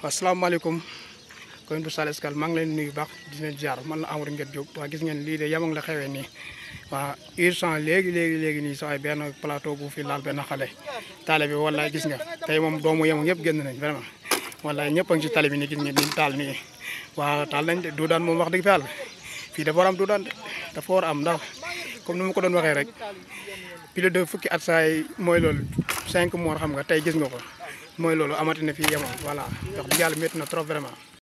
assalamualaikum ko ndu Saly Escale mang ngi leen nuyu bax dina jaar man la Amadou Nguer jog wa gis ngeen li de yamang la xewé ni wa urgent légui légui légui ni sax ben plateau bu fi laal benn xalé taale bi wallaay gis nga tay mom doomu yamang yëpp genn nañ vraiment wallaay ñepp ngi ci tali bi nii gis ngeen ni tal ni wa tal nañ de duudaan mom wax deug fi yalla fi dafa war am duudaan de dafa war am ndax comme numu ko doon waxé rek pile de fukki at say moy loolu 5 mois xam nga tay gis nga ko mooy loolu amati na fi yemoon voilà wax dëgg yàlla na trop vraiment.